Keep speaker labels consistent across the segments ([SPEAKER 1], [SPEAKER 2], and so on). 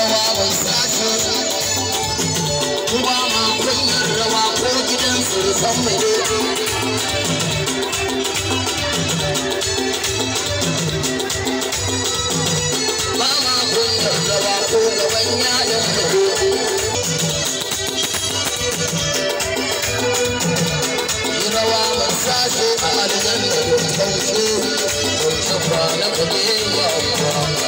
[SPEAKER 1] rawa bai saso kuma ma kunyar rawa ko gidan surutan mai ba rawa ko gaban yayan mai rawa mai a aljanna da kauce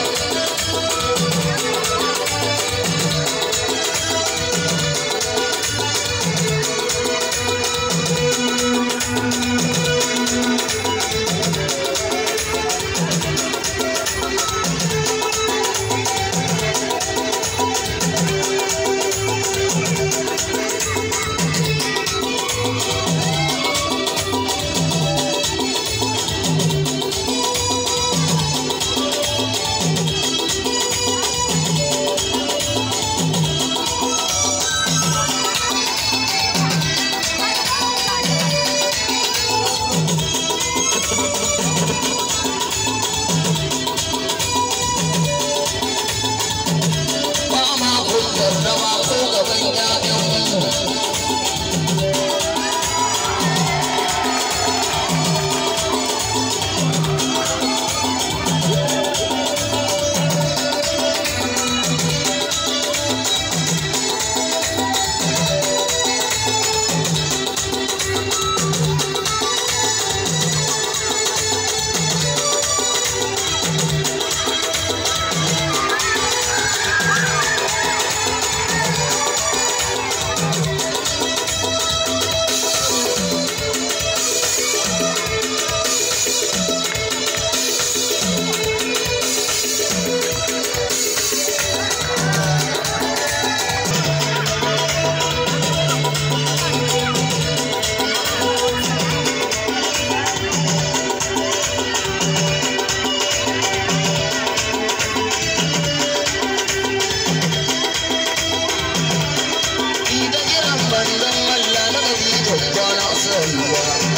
[SPEAKER 2] Çok bana sen var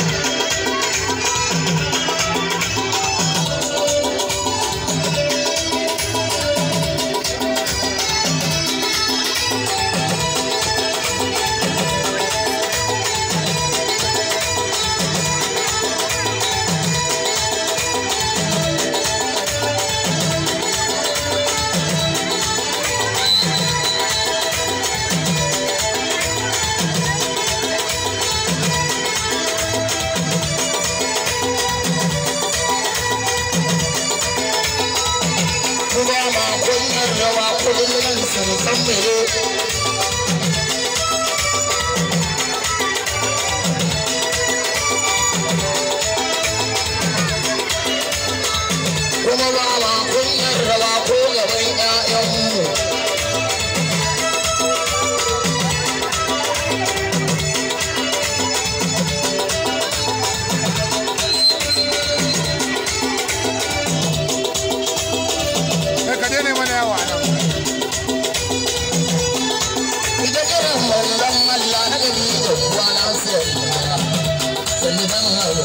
[SPEAKER 2] ẹ̀yọ́ wa kó lé lẹ́yìn sọ̀rọ̀ sọ́kùnrin.